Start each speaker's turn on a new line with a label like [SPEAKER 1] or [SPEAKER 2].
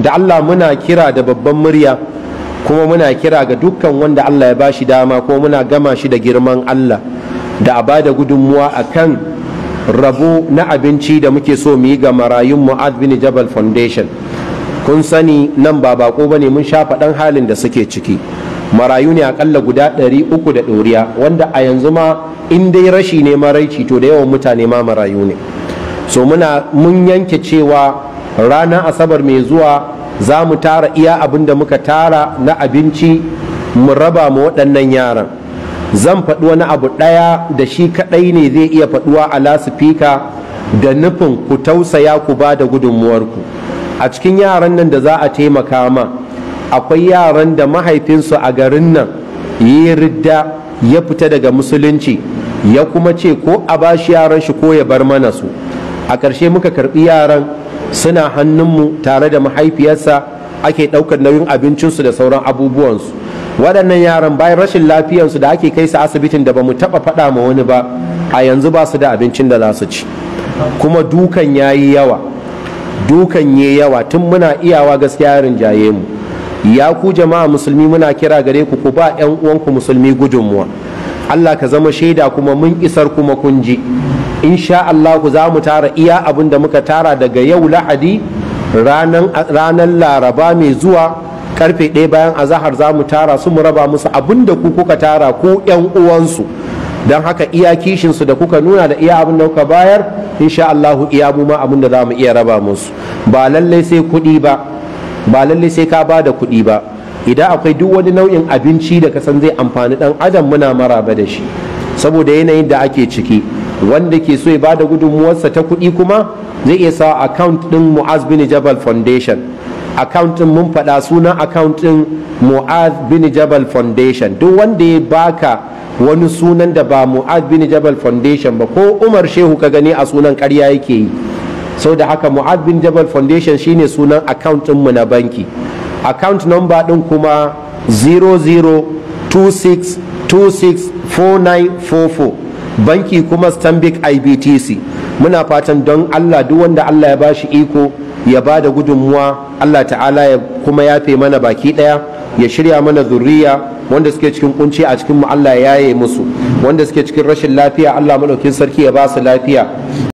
[SPEAKER 1] da Allah muna kira da babban murya kuma muna kira ga dukkan wanda Allah ya bashi dama kuma muna gama shi da girman Allah da a bada gudunmuwa a kan rabo na abinci da muke so mu yi ga marayun mu'ad bin jabal foundation kun sani nan ba bako bane mun shafa faɗan halin da suke ciki marayu ne akalla guda ɗari uku da ɗoriya wanda a yanzu ma in dai rashi ne maraici to da yawan mutane ma marayu ne so muna mun yanke cewa ranar asabar mai zuwa za mu tara iya abin da muka tara na abinci mu raba ma waɗannan yaran zan faɗi wani abu ɗaya da shi kaɗai ne zai iya faɗuwa a lasifika da nufin ku tausaya ku ba da gudunmuwarku a cikin yaran nan da za a taimaka ma akwai yaran da mahaifinsu a garin nan ya yi ridda ya fita daga musulunci ya kuma ce ko a bashi yaran shi ko ya bar mana su a ƙarshe muka karɓi yaran suna hannunmu tare da mahaifiyarsa ake ɗaukar nauyin abincinsu da sauran abubuwansu waɗannan yaran bayan rashin lafiyarsu da ake kai su asibitin da ba mu taɓa faɗa ma wani ba a yanzu ba su da abincin da za su ci kuma dukan ya yi yawa dukan ya yawa tun muna iyawa gaskiya yarin jaye mu ya ku jama'a musulmi muna kira gare ku ku ba 'yan uwanku musulmi gudunmuwa Allah ka zama shaida kuma mun isar kuma kun ji insha Allah za mu tara iya abin da muka tara daga yau lahadi ranar laraba mai zuwa karfe ɗaya bayan azahar za mu tara su mu raba musu abin da ku kuka tara ko 'yan uwansu don haka iya kishinsu da kuka nuna da iya abin da kuka bayar insha Allah iya mu ma abin da za mu iya raba musu ba lallai sai kuɗi ba ba lallai sai ka ba da kuɗi ba idan akwai duk wani nau'in abinci da ka san zai amfani ɗan adam muna maraba da shi saboda yanayin da ake ciki wanda ke so ya ba da gudunmuwarsa ta kuɗi kuma zai iya sa account ɗin mu'az bin jabal foundation account ɗin mun faɗa sunan account ɗin mu'az bin jabal foundation duk wanda ya baka wani sunan da ba mu'az bin jabal foundation ba ko umar shehu ka gani a sunan ƙarya yake yi sau da haka mu'az bin jabal foundation shine sunan account mu na banki account number ɗin kuma 0026264944 banki kuma stanbic ibtc muna fatan don allah duk wanda allah ya bashi iko ya ba da gudunmuwa allah ta'ala ya kuma yafe mana baki daya ya shirya mana zurriya wanda suke cikin kunci a cikin mu allah ya yaye musu wanda suke cikin rashin lafiya allah madaukin sarki ya ba su lafiya